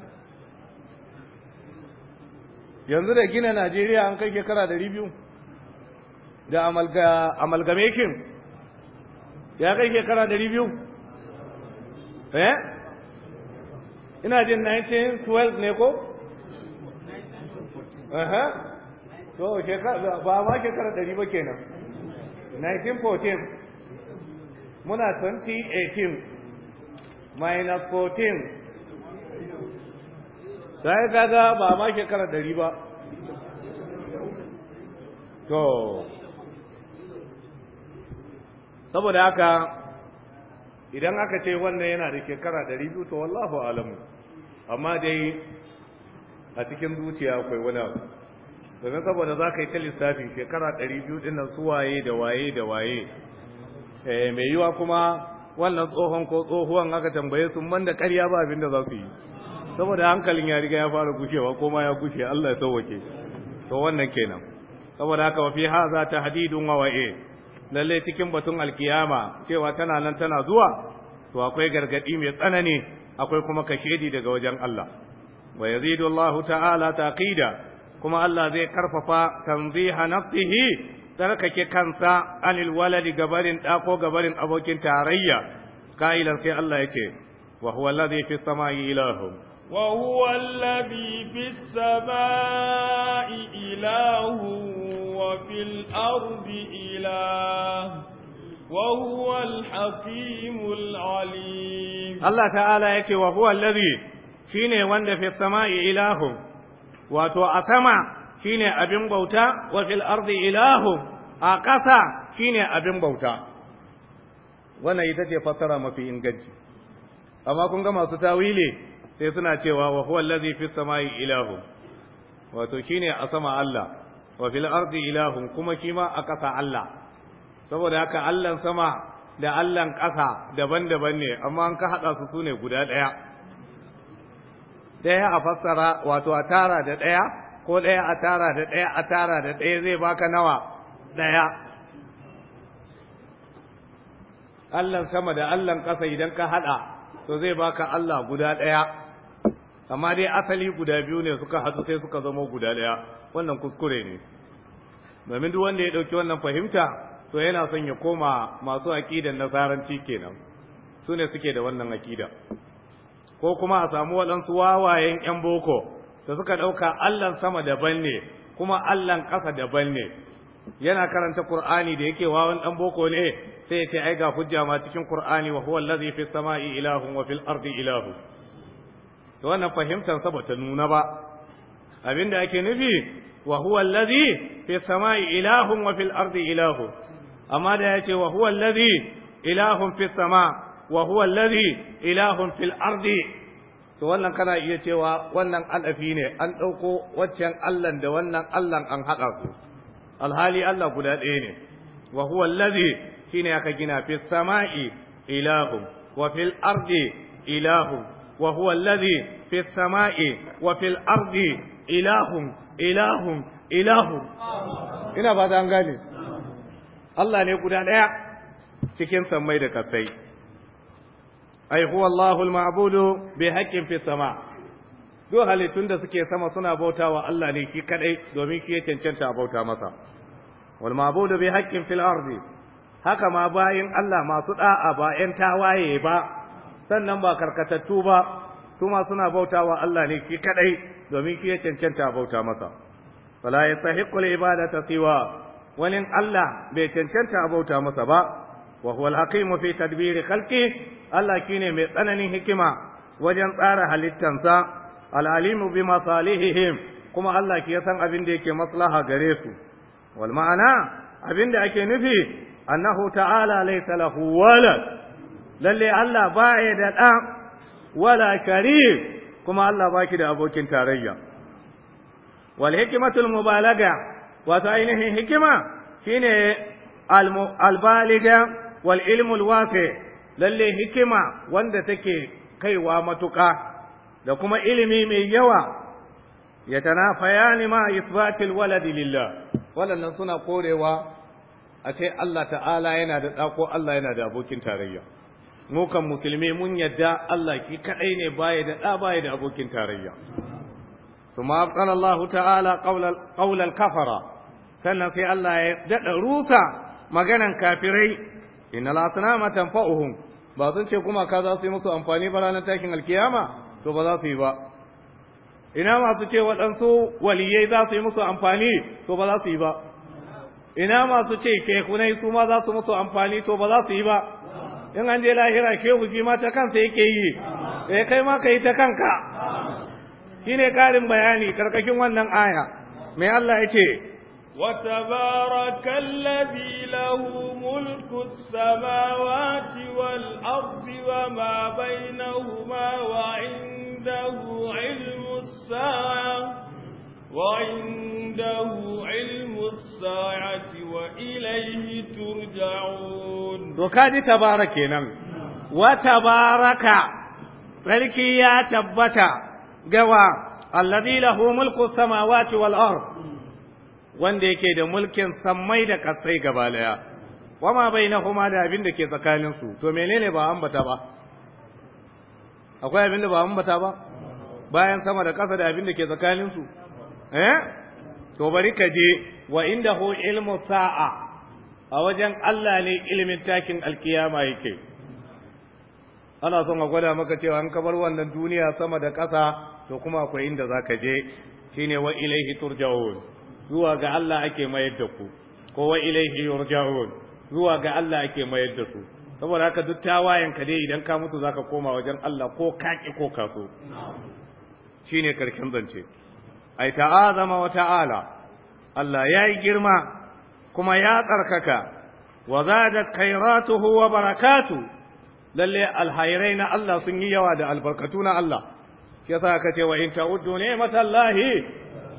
yanzu da gina najeriya an kai shekara ɗari biyu da Amalgamakin ya kai shekara ɗari biyu eh ina jin 1912 ne ko to ba ma shekara ɗari ba kenan 1914 muna 2018 minus 14 sai kaga ba ma shekara ɗari ba to saboda haka idan aka ce wannan yana da shekara ɗari to wallahu alamu amma dai a cikin zuciya akwai wani abu domin saboda za ka yi ta lissafi shekara ɗari biyu ɗin nan waye da waye da waye eh, mai yiwa kuma wannan tsohon ko tsohuwan aka tambaye su man da ba abin da za su yi saboda hankalin ya riga ya fara gushewa ko ma ya gushe Allah ya sauwake to wannan kenan saboda haka fi haza ta wa wa'e lalle cikin batun alkiyama cewa tana nan tana zuwa to akwai gargadi mai tsanani akwai kuma kashedi daga wajen Allah wa yazidu Allah ta'ala taqida kuma Allah zai karfafa tanziha nafsihi tsarkake kansa anil waladi gabarin da ko gabarin abokin tarayya qailan sai Allah yake wa huwa alladhi fi samai ilahum wa huwa alladhi fi samai ilahu wa fil ardi ilahu وهو الحكيم العليم الله تعالى يتي وهو الذي shine wanda fi sama'i ilahu wato a sama shine abin bauta wa fil ardi ilahu a ƙasa shine abin bauta wannan ita ce fassara mafi inganci amma kun ga masu tawile sai suna cewa wa huwa allazi fi sama'i ilahu wato shine a sama Allah wa fil ardi ilahu kuma shi ma a ƙasa Allah saboda haka Allah sama da Allah ƙasa daban-daban ne amma an ka haɗa su sune guda ɗaya ɗaya a fassara wato a tara da ɗaya ko ɗaya a tara da ɗaya a tara da ɗaya zai baka nawa ɗaya Allahn sama da Allahn ƙasa idan ka haɗa to zai baka Allah guda ɗaya amma dai asali guda biyu ne suka haɗu sai suka zama guda ɗaya wannan kuskure ne domin duk wanda ya ɗauki wannan fahimta to yana son ya koma masu aƙidan nasaranci kenan su ne suke da wannan aƙida ko kuma a samu waɗansu wawayen 'yan boko da suka ɗauka allan sama daban ne kuma allan ƙasa daban ne yana karanta Kur'ani da yake wawan ɗan boko ne sai ya ce ai ga hujja ma cikin kur'ani wa huwa allazi fis sama'i ilahun wa fil ardi ilahu to wannan fahimtar sa bata nuna ba abinda ake nufi wa huwa allazi fis sama'i ilahun wa fil ardi ilahu amma da ya ce wa huwa allazi ilahun fis sama' wa huwa allazi ilahun fil ardi to wannan kana iya cewa wannan alafi ne an ɗauko waccan allan da wannan allan an haɗa su alhali allah guda ɗaya ne wa huwa allazi shine aka gina fi sama'i ilahu. wa fil ardi ilahu. wa huwa allazi fi sama'i wa fil ardi ilahun ilahun ilahun ina ba ta an gane Allah ne guda ɗaya cikin sammai da kasai ai huwa Allahu mabudu bi haqqin fi sama duk halittun da suke sama suna bautawa Allah ne ki kadai domin ki cancanta bauta masa wal ma'budu bi haqqin fil ardi haka ma bayin Allah masu da'a ba ƴan tawaye ba sannan ba karkatattu ba su ma suna bautawa Allah ne ki kadai domin ki cancanta bauta masa fala yastahiqu al-ibadata siwa walin Allah bai cancanta bauta masa ba wa huwa al-hakim fi tadbir khalqi Allah kine mai tsananin hikima wajen tsara halittansa al-alim bi masalihihim kuma Allah ke san abin da yake maslaha gare su wal ma'ana abin da ake nufi annahu ta'ala laysa lahu walad lalle Allah ba ya da da wala karim kuma Allah baki da abokin tarayya wal hikmatul mubalaga wato ainihin hikima shine al-baliga wal ilmul wafe lalle hikima wanda take kaiwa matuƙa da kuma ilimi mai yawa ya tana fayani ma isbatil waladi lillah waɗannan suna korewa a ce Allah ta'ala yana da ɗako Allah yana da abokin tarayya mu kan musulmi mun yadda Allah ki kaɗai ne baya da ɗa baya da abokin tarayya ثم أبطل الله تعالى قول sannan sai Allah ya daɗa rusa maganan kafirai innal asnama tanfa'uhum ba sun ce kuma ka za su yi musu amfani ba ranar takin alkiyama to ba za su yi ba ina masu ce waɗansu waliyai za su yi musu amfani to ba za su yi ba ina masu ce kekunai su ma za su musu amfani to ba za su yi ba in an je lahira ke shi ma ta kansa yake yi eh kai ma kai ta kanka shine karin bayani karkashin wannan aya mai Allah ya ce وتبارك الذي له ملك السماوات والأرض وما بينهما وعنده علم الساعة وعنده علم الساعة وإليه ترجعون وكاد تبارك نعم وتبارك تلك يا تبتا جوا الذي له ملك السماوات والأرض wanda yake da mulkin sammai da kasai gaba daya wama huma da abin da ke tsakanin su to menene ba ambata ba akwai abin da ba ambata ba bayan sama da kasa da abin da ke tsakanin su eh to bari ka je wa hu ilmu sa'a a wajen Allah ne ilimin takin alkiyama yake ana son a gwada maka cewa an kabar wannan duniya sama da kasa to kuma akwai inda zaka je shine wa ilaihi turja'un zuwa ga Allah ake mayar da ku ko wa ilaihi yurja'un zuwa ga Allah ake mayar da su saboda haka duk tawayen ka dai idan ka mutu zaka koma wajen Allah ko kaki ko kaso shine karshen zance ai ta'azama wa ta'ala Allah yayi girma kuma ya tsarkaka wa zadat khairatuhu wa barakatu lalle alhairai na Allah sun yi yawa da albarkatu na Allah shi yasa ka ce wa in ta'uddu ni'matallahi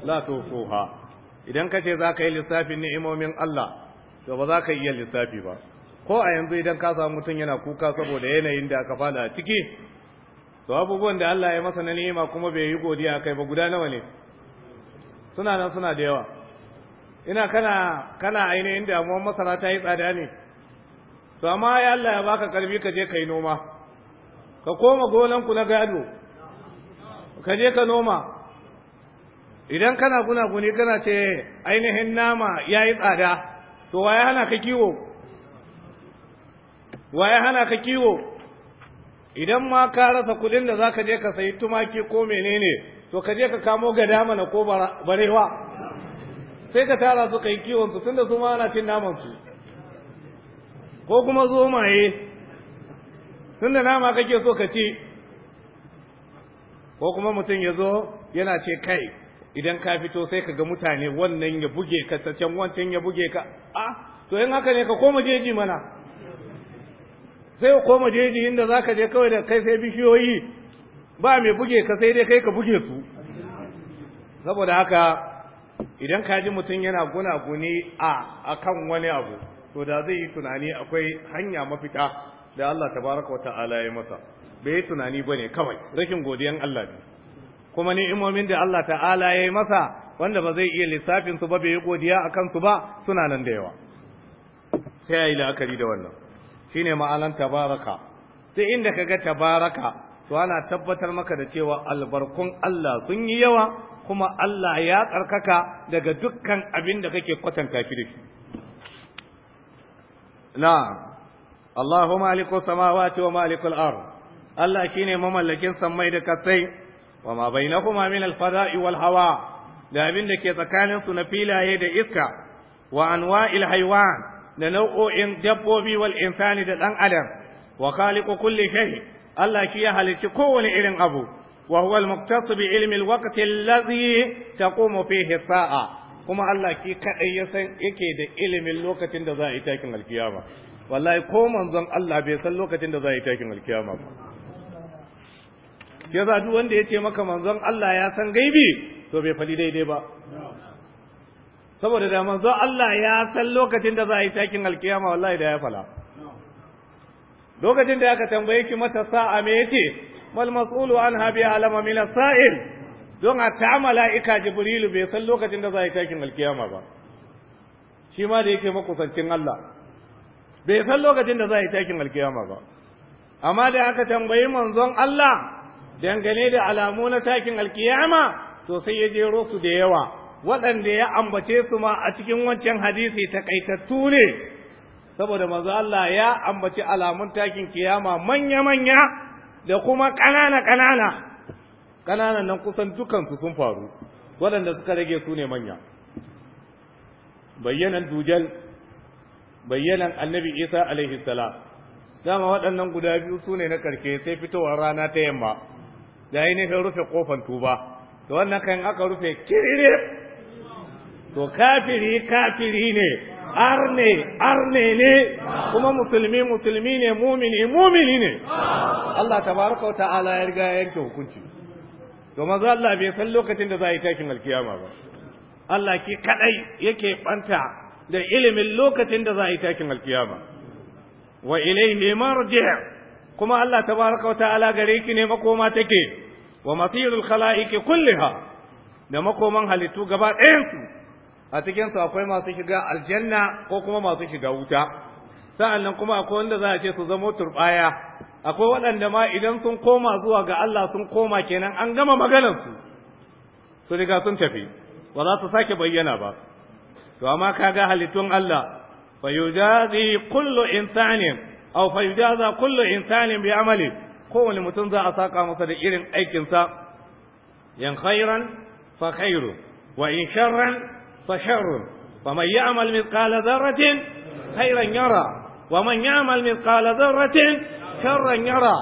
la tusuha idan ka ce za ka yi lissafin ni'imomin Allah to ba za ka iya lissafi ba ko a yanzu idan ka samu mutum yana kuka saboda yanayin da aka fada a ciki to abubuwan da Allah ya masa na ni'ima kuma bai yi godiya kai ba guda nawa ne suna nan suna da yawa ina kana kana ainihin damuwar masara ta yi tsada ne to amma ya Allah ya baka karfi ka je ka yi noma ka koma gonanku na gado ka je ka noma idan kana gunaguni kana ce ainihin nama ya yi tsada to waye hana ka kiwo waye hana ka kiwo idan ma ka rasa kudin da za ka je ka sayi tumaki ko menene to ka je ka kamo ga dama na ko barewa sai ka tara su kai kiwon su tunda su ma ana cin namansu ko kuma zo maye tunda nama kake so ka ci ko kuma mutum ya zo yana ce kai idan ka fito sai ka ga mutane wannan ya buge ka ta can wancan ya buge ka a to in haka ne ka koma jeji mana sai ka koma jeji inda za ka je kawai da kai sai bishiyoyi ba mai buge ka sai dai kai ka buge su saboda haka idan ka ji mutum yana gunaguni a akan wani abu to da zai yi tunani akwai hanya mafita da Allah tabaraka wa ta'ala ya masa bai yi tunani bane kawai rashin godiyan Allah ne kuma ni'imomin da Allah ta'ala ya yi masa wanda ba zai iya lissafin su ba bai yi godiya a kansu ba suna nan da yawa sai ya yi la'akari da wannan shine ma'anan tabaraka sai inda ka ga tabaraka to ana tabbatar maka da cewa albarkun Allah sun yi yawa kuma Allah ya tsarkaka daga dukkan abin da kake kwatanta shi da shi na'am Allahumma maliku samawati wa malikul ardh Allah shine mamallakin sammai da kasai wa ma bainahuma min al da abin da ke tsakanin su na filaye da iska wa anwa'il haywan da nau'o'in dabbobi wal insani da dan adam wa khaliqu kulli shay Allah shi ya halicci kowane irin abu wa huwa al-muqtasu bi ilmi al-waqti alladhi taqumu fihi saa kuma Allah ki kadai ya san yake da ilimin lokacin da za a yi takin alkiyama wallahi ko manzon Allah bai san lokacin da za a yi takin alkiyama ba yasa duk wanda ce maka manzon Allah ya san gaibi to bai fali daidai ba saboda da manzon Allah ya san lokacin da za a yi takin alkiyama wallahi da ya fala lokacin da aka tambaye ki mata sa'a me yace mal mas'ulu anha bi alama min as-sa'il don a ta mala'ika jibrilu bai san lokacin da za a yi takin alkiyama ba shi ma da yake makusancin Allah bai san lokacin da za a yi takin alkiyama ba amma da aka tambayi manzon Allah dangane da alamu na takin alkiyama to sai ya jero su da yawa waɗanda ya ambace su ma a cikin wancan hadisi takaitattu ne saboda manzo Allah ya ambaci alamun takin kiyama manya-manya da kuma ƙanana-ƙanana ƙananan nan kusan dukansu sun faru waɗanda suka rage su ne manya bayyanan dujal bayyanan annabi isa alaihi salam dama waɗannan guda biyu su ne na ƙarfe sai fitowar rana ta yamma da ainihin rufe kofar tuba to wannan kan aka rufe kirire to kafiri kafiri ne arne arne ne kuma musulmi musulmi ne mumini mumini ne Allah tabaraka ta'ala ya riga ya yanke hukunci to maza Allah bai san lokacin da za a yi tashin alkiyama ba Allah ki kadai yake banta da ilimin lokacin da za a yi tashin alkiyama wa ilayhi marji' kuma Allah ta baraka wa ta'ala gare ki ne makoma take wa masirul kulle kulliha da makoman halittu gaba ɗayansu a cikinsu akwai masu shiga aljanna ko kuma masu shiga wuta Sa'an nan kuma akwai wanda za a ce su zama turɓaya, akwai waɗanda ma idan sun koma zuwa ga Allah sun koma kenan an gama maganansu su riga sun tafi ba za su sake bayyana ba to amma ga halittun Allah fa yujazi kullu insanin aw fa yujaza kullu insanin bi amali kowane mutum za a saka masa da irin aikinsa yan khairan fa khairu wa in sharran fa sharrun faman ya'mal mithqala dharratin khairan yara wa man ya'mal mithqala dharratin sharran yara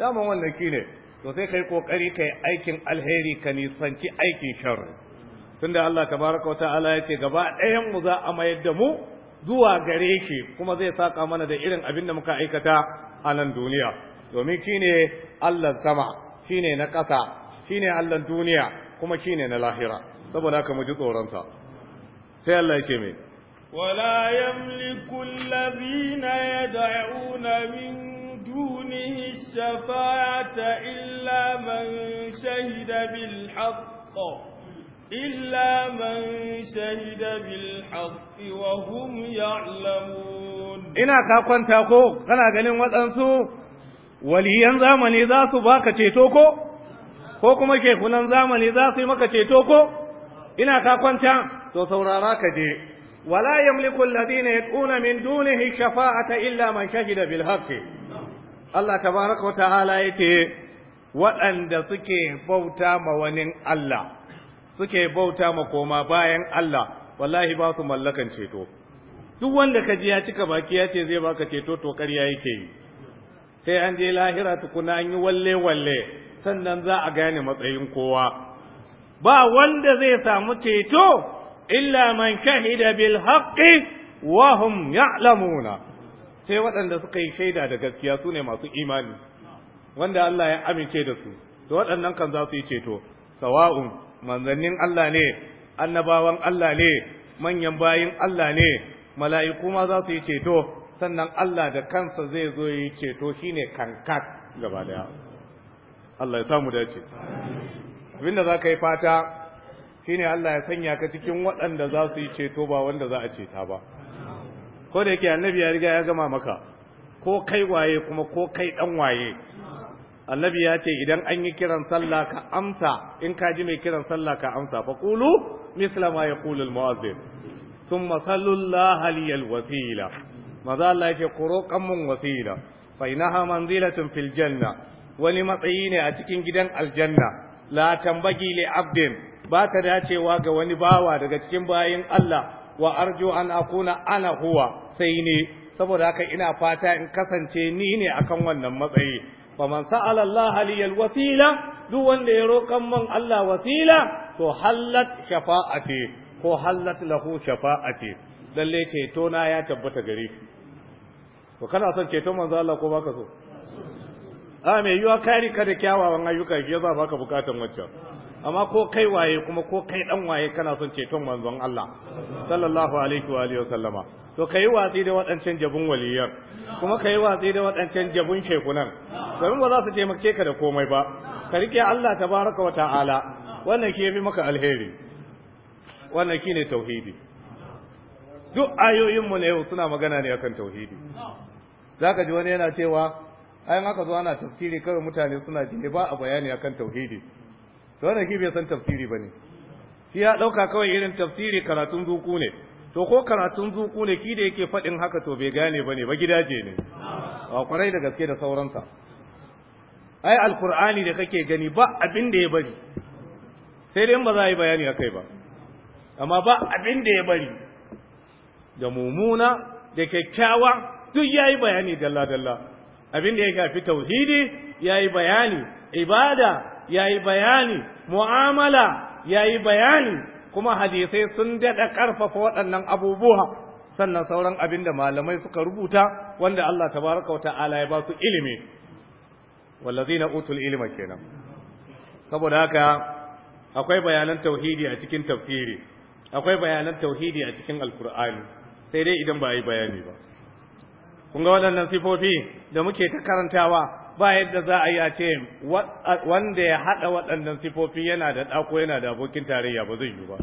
dama wannan kine to sai kai kokari kai aikin alheri ka nisanci aikin sharri tunda Allah tabaraka wa ta'ala ya ce gaba ɗayan mu za a mayar da mu zuwa gare shi kuma zai saka mana da irin abin da muka aikata a nan duniya domin shine Allah sama shine na ƙasa shine Allah duniya kuma shine na lahira saboda haka mu ji tsoron sa sai Allah yake mai ولا يملك الذين يدعون من دونه الشفاعة إلا من شهد بالحق إلا من شهد بالحق وهم يعلمون إنا كاكوان تاكو كان أغنين وطنسو وليان زامني ذاسو باكا تيتوكو ko kuma ke kunan zamani za su maka ceto ko ina ka to saurara ka je wala yamliku alladhina yad'una min dunihi shafa'ata illa man shahida bil haqqi Allah tabaraka wa ta'ala yace waɗanda suke bauta ma wani Allah suke bauta ma koma bayan Allah wallahi ba su mallakan ceto duk wanda ka ji ya cika baki ya ce zai baka ceto to ƙarya yake yi sai an je lahira tukuna an yi walle walle sannan za a gane matsayin kowa ba wanda zai samu ceto illa man kahida bil haqqi wa hum ya'lamuna sai waɗanda suka yi shaida da gaskiya su ne masu imani wanda Allah ya amince da su to waɗannan kan za su yi ceto sawa'un manzannin Allah ne annabawan Allah ne manyan bayin Allah ne mala'iku ma za su yi ceto sannan Allah da kansa zai zo yi ceto shine kankat gaba daya Allah ya samu dace abinda za ka yi fata shine Allah ya sanya ka cikin waɗanda za su yi ceto ba wanda za a ceta ba ko da yake annabi ya riga ya gama maka ko kai waye kuma ko kai dan waye annabi ya ce idan an yi kiran sallah ka amsa in ka ji mai kiran sallah ka amsa fa qulu misla ma yaqulu al thumma sallu Allah liyal wasila maza Allah yake quru qamun wasila fa inaha manzilatun fil janna wani matsayi ne a cikin gidan aljanna la tambagi li abdin ba ta dacewa ga wani bawa daga cikin bayin Allah wa arju an akuna ana huwa sai ne saboda haka ina fata in kasance ni ne akan wannan matsayi faman sa'ala Allah aliyal wasila duk wanda ya roƙan man Allah wasila to hallat shafa'ati ko hallat lahu shafa'ati lalle ceto na ya tabbata gare shi to kana son ceto manzo Allah ko baka so a ah, me yiwa kari ka da kyawawan ayyuka ke za baka bukatan wancan. amma ko kai waye kuma ko kai dan waye kana son ceton manzon Allah sallallahu alaihi wa alihi wa sallama to ka yi watsi da waɗancan jabun waliyar kuma ka yi watsi da waɗancan jabun shekunan domin ba za su taimake ka da komai ba ka rike Allah tabaraka wa ta'ala wannan ke bi maka alheri wannan ne tauhidi duk ayoyin mu ne suna magana ne akan tauhidi zaka ji wani yana cewa ayin aka zo ana tafsiri kawai mutane suna ji ba a bayani akan tauhidi to wannan ke bai san tafsiri bane shi ya dauka kawai irin tafsiri karatun zuku ne to ko karatun zuku ne ki da yake faɗin haka to bai gane bane ba gidaje ne a kwarai da gaske da sauransa ai alkur'ani da kake gani ba abin da ya bari sai dai ba za a yi bayani akai ba amma ba abin da ya bari da mumuna, da kyakkyawa duk ya yi bayani dalla-dalla abin da ya shafi tauhidi yayi bayani ibada yayi bayani mu'amala yayi bayani kuma hadisai sun daɗa ƙarfafa waɗannan abubuwa sannan sauran abin da malamai suka rubuta wanda Allah tabaraka wa ta'ala ya ba su ilimi wallazina utul ilma kenan saboda haka akwai bayanan tauhidi a cikin tafsiri akwai bayanan tauhidi a cikin alkur'ani sai dai idan ba yi bayani ba kun ga waɗannan sifofi da muke ta karantawa ba yadda za a yi a ce wanda ya haɗa waɗannan sifofi yana da ɗako yana da abokin tarayya ba zai yi ba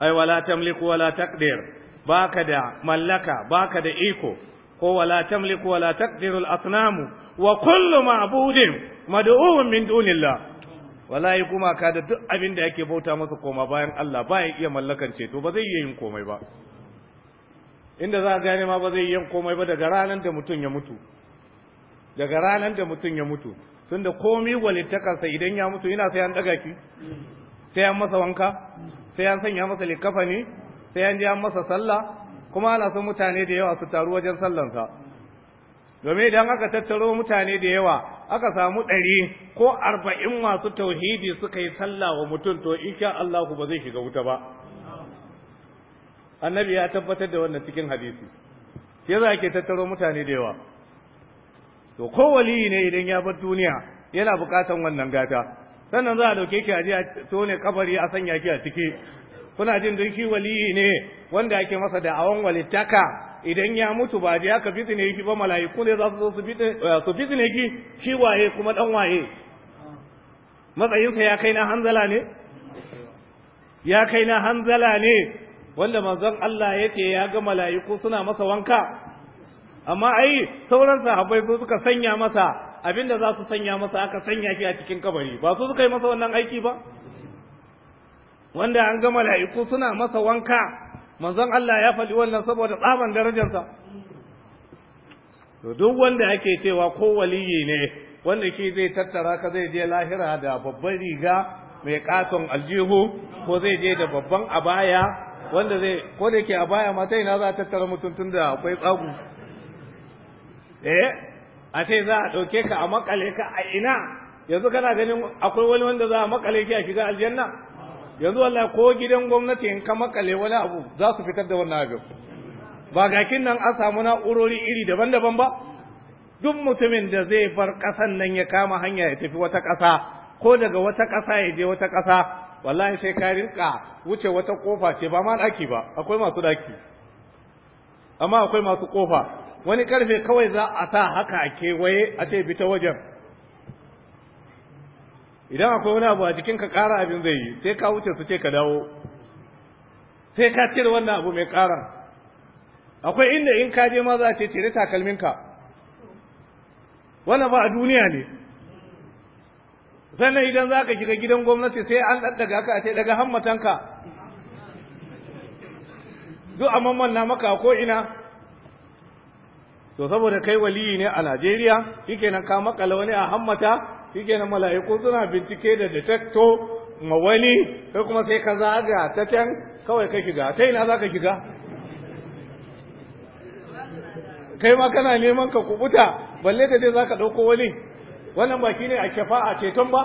ai wala tamliku wala taqdir baka da mallaka baka da iko ko wala tamliku wala taqdiru al-asnamu wa kullu ma'budin mad'uun min dunillah wallahi kuma ka da duk abin da yake bauta masa koma bayan Allah ba ya iya mallakan ceto ba zai iya yin komai ba inda za a gane ma ba zai iya yin komai ba daga ranar da mutum ya mutu daga ranar da mutum ya mutu tunda komai walittakarsa idan ya mutu ina sai an daga ki sai an masa wanka sai an sanya masa likafa ne sai an ji an masa sallah kuma ana son mutane da yawa su taru wajen sallansa domin idan aka tattaro mutane da yawa aka samu ɗari ko arba'in masu tauhidi suka yi sallah wa mutum to insha Allah ba zai shiga wuta ba annabi ya tabbatar da wannan cikin hadisi sai za ke tattaro mutane da yawa to ko waliyi ne idan ya bar duniya yana bukatan wannan gata sannan za a dauke ki a je a tone kabari a sanya ki a ciki kuna jin don shi waliyi ne wanda ake masa da'awan walittaka idan ya mutu ba je aka fitine shi ba mala'iku ne za su zo su fitine ki eh, shi waye kuma dan waye matsayinsa ya kai na hanzala ne ya kai na hanzala ne wanda manzon Allah ya ce ya ga mala'iku suna masa wanka amma ai sauran sahabbai su suka sanya masa abinda za su sanya masa aka sanya shi a cikin kabari ba su suka yi masa wannan aiki ba wanda an ga mala'iku suna masa wanka manzon Allah ya faɗi wannan saboda tsaban darajarsa to duk wanda ake cewa ko waliyi ne wanda shi zai tattara ka zai je lahira da babban riga mai katon aljihu ko zai je da babban abaya wanda zai ko da ke abaya ma ta ina za a tattara mutum da akwai tsagu eh a ce za a ɗauke ka a makale ka a ina yanzu kana ganin akwai wani wanda za a makale ki a shiga aljanna yanzu Allah ko gidan gwamnati in ka makale wani abu za su fitar da wannan abin ba gakin nan an samu na'urori iri daban-daban ba duk mutumin da zai bar ƙasan nan ya kama hanya ya tafi wata ƙasa ko daga wata ƙasa ya je wata ƙasa wallahi sai ka rinka wuce wata kofa ce ba ma ɗaki ba akwai masu ɗaki amma akwai masu kofa wani karfe kawai za a sa haka a kewaye a ce bi ta wajen idan akwai wani abu a jikin ka ƙara abin zai yi sai ka wuce su ce ka dawo sai ka cire wannan abu mai ƙara akwai inda in ka je ma za ce cire takalminka wannan ba a duniya ne sannan idan za ka shiga gidan gwamnati sai an ɗaɗɗaga ka a ce daga hammatanka duk a na maka ko ina. to saboda kai waliyi ne a najeriya shikenan ka makala wani a hammata shikenan mala'iku suna bincike da detector ma wani sai kuma sai ka zaga ta can kawai ka shiga ta ina za ka shiga kai ma kana neman ka kubuta balle da dai za ka ɗauko wani wannan ba shine a a ceton ba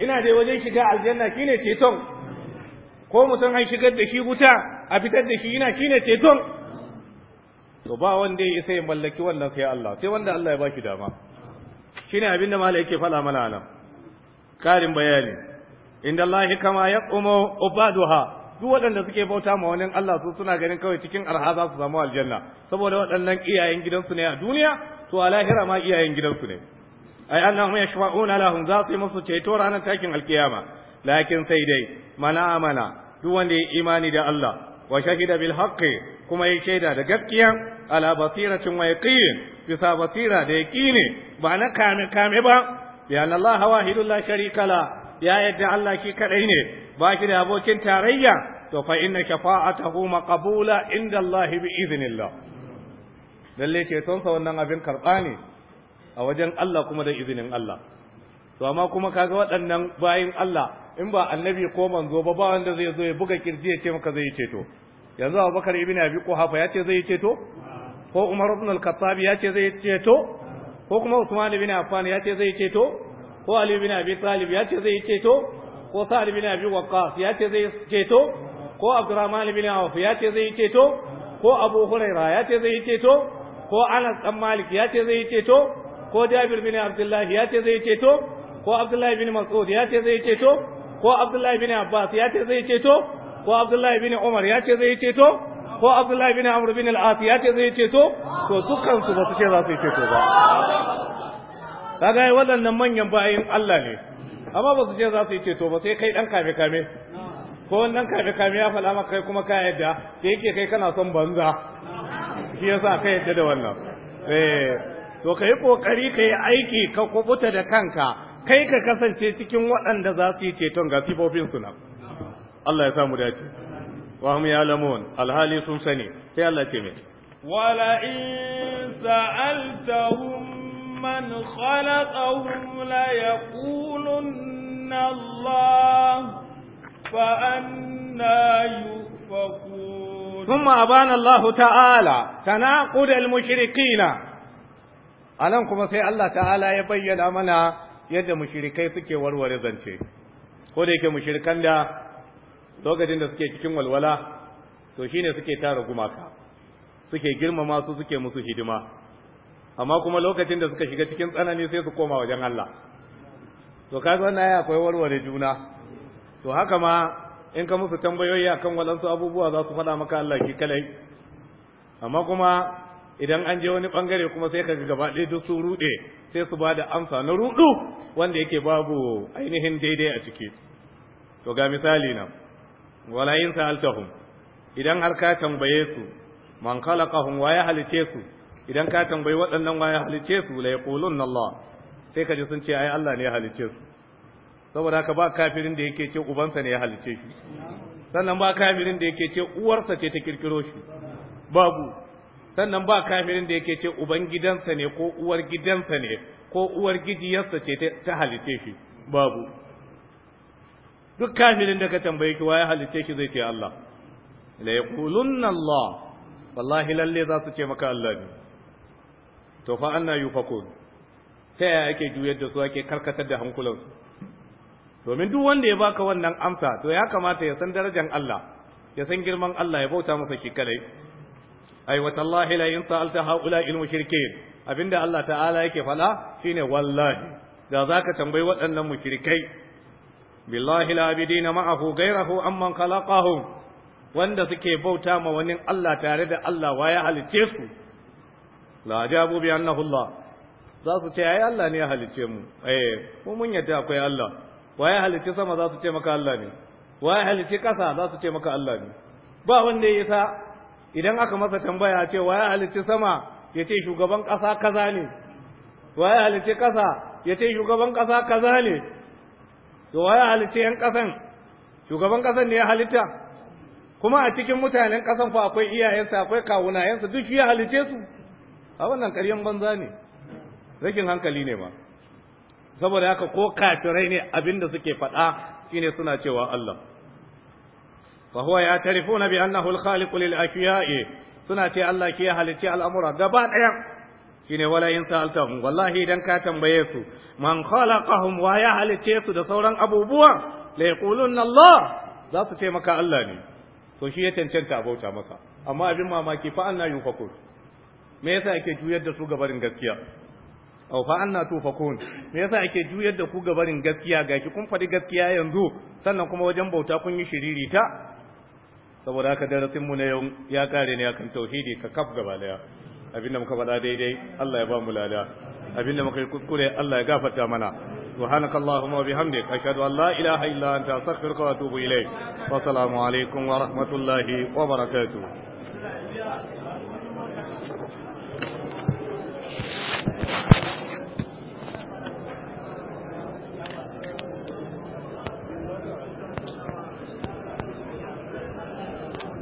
ina dai wajen shiga aljanna shine ceton ko mutum an shigar da shi wuta a fitar da shi ina shine ceton to ba wanda ya isa ya mallaki wannan sai Allah sai wanda Allah ya baki dama Shi ne abin da mala yake faɗa mana nan karin bayani inda Allah kama ya umo ubaduha duk waɗanda suke bauta ma wani Allah su suna ganin kawai cikin arha za su samu aljanna saboda waɗannan iyayen gidansu ne a duniya to a lahira ma iyayen gidansu ne ai annahum yashfa'una lahum za su yi musu ceto ranar takin alkiyama lakin sai dai mana amana duk wanda ya imani da Allah wa shahida bil haqqi kuma ya shaida da gaskiya ala basiratin wa yaqin bisa basira da yaqini ba na kame kame ba Ya anna Allah wahidun la sharika la ya yadda Allah ki kadai ne ba ki da abokin tarayya to fa inna shafa'atahu maqbula inda Allah bi idhnillah lalle ce ton sa wannan abin karba ne a wajen Allah kuma da izinin Allah to amma kuma kaga waɗannan bayin Allah in ba annabi ko manzo ba ba wanda zai zo ya buga kirji ya ce maka zai ceto yanzu abubakar ibn abi quhafa ya ce zai ceto ko umar ibn al-khattab ya ce zai ceto ko kuma usman ibn affan ya ce zai ceto ko ali ibn abi talib ya ce zai ceto ko sa'ad ibn abi waqqas ya ce zai ceto ko abdurrahman ibn auf ya ce zai ceto ko abu huraira ya ce zai ceto ko anas dan malik ya ce zai ceto ko jabir bin abdullah ya ce zai ceto ko abdullah ibn mas'ud ya ce zai ceto ko abdullah ibn abbas ya ce zai ceto ko Abdullahi bin Umar ya ce zai yi ceto ko Abdullahi bin Amr bin al-As ya ce zai yi ceto to dukkan su ba su ce za su yi ceto ba kaga ai wadannan manyan bayin Allah ne amma ba su ce za su yi ceto ba sai kai dan kame kame ko wannan kame kame ya faɗa maka kai kuma ka yadda sai yake kai kana son banza shi yasa ka yadda da wannan eh to kai kokari kai aiki ka kubuta da kanka kai ka kasance cikin waɗanda za su yi ceton ga sifofin su suna. Allah ya sa mu dace wa hum ya'lamun alhali sun sani sai Allah ce me. wala in sa'altahum man khalaqahum la yaqulunna Allah fa anna yufakun ثم أبان الله تعالى تناقض المشركين anan kuma sai Allah ta'ala ya bayyana mana yadda mushrikai suke warware zance ko da yake mushrikan da lokacin da suke cikin walwala to shine suke tara gumaka suke girmama su suke musu hidima amma kuma lokacin da suka shiga cikin tsanani sai su koma wajen Allah to ka san ai akwai warware juna to haka ma in ka musu tambayoyi akan walansu abubuwa za su faɗa maka Allah ki kalai amma kuma idan an je wani bangare kuma sai ka ga gaba ɗaya duk su ruɗe sai su ba da amsa na ruɗu wanda yake babu ainihin daidai a ciki to ga misali na. wala in sa'altahum idan har ka tambaye su man khalaqahum wa ya su idan ka tambayi waɗannan wa ya su la yaqulun Allah sai ka ji sun ce ai Allah ne ya halice su saboda haka ba kafirin da yake ce ubansa ne ya halice shi sannan ba kafirin da yake ce uwarsa ce ta kirkiro shi babu sannan ba kafirin da yake ce uban gidansa ne ko uwar gidansa ne ko uwar gijiyarsa ce ta halice shi babu duk kafirin da ka tambaye ki waye halitte ki zai ce Allah la yaqulunna Allah wallahi lalle za su ce maka Allah ne to fa anna yufakun ta yaya ake juyar da su ake karkatar da hankulansu domin duk wanda ya baka wannan amsa to ya kamata ya san darajar Allah ya san girman Allah ya bauta masa shi kadai ai wa tallahi la in sa'alta haula al mushrikin abinda Allah ta'ala yake fada shine wallahi da zaka tambayi waɗannan mushrikai billahi labidina ma'ahu gairahu amman khalaqahum wanda suke bauta ma wani Allah tare da Allah wa ya halitte su la jabu bi annahu Allah za su ce ai Allah ne ya halitte mu eh mu mun yadda akwai Allah wa ya halitte sama za su ce maka Allah ne wa ya halitte kasa za su ce maka Allah ne ba wanda ya sa idan aka masa tambaya ce wa ya halitte sama ya ce shugaban kasa kaza ne wa ya halitte kasa ya ce shugaban kasa kaza ne to ya halitta yan kasan shugaban kasan ne ya halitta kuma a cikin mutanen kasan fa akwai iyayensa akwai kawunayensa duk ya halitte su a wannan karyan banza ne rakin hankali ne ma saboda haka ko kafirai ne abinda suke faɗa shine suna cewa Allah fa huwa ya tarifuna bi annahu al-khaliqu lil ashiya'i suna ce Allah ke halitta al'amura gaba ɗaya shine wala in sa'altahum wallahi idan ka tambaye su man khalaqahum wa ya halice su da sauran abubuwa la na Allah za su ce maka Allah ne to shi ya cancanta abauta maka amma abin mamaki fa anna yufakun me yasa ake juyar da su gabarin gaskiya aw fa anna tufakun me yasa ake juyar da ku gabarin gaskiya gaki kun faɗi gaskiya yanzu sannan kuma wajen bauta kun yi shiririta. saboda haka darasin na yau ya kare ne akan tauhidi ka kaf gaba daya abinda muka faɗa daidai Allah ya ba mu lada abinda muka yi kuskure Allah ya gafarta mana سبحانك اللهم وبحمدك أشهد أن لا إله إلا أنت أستغفرك وأتوب إليك والسلام عليكم ورحمة الله وبركاته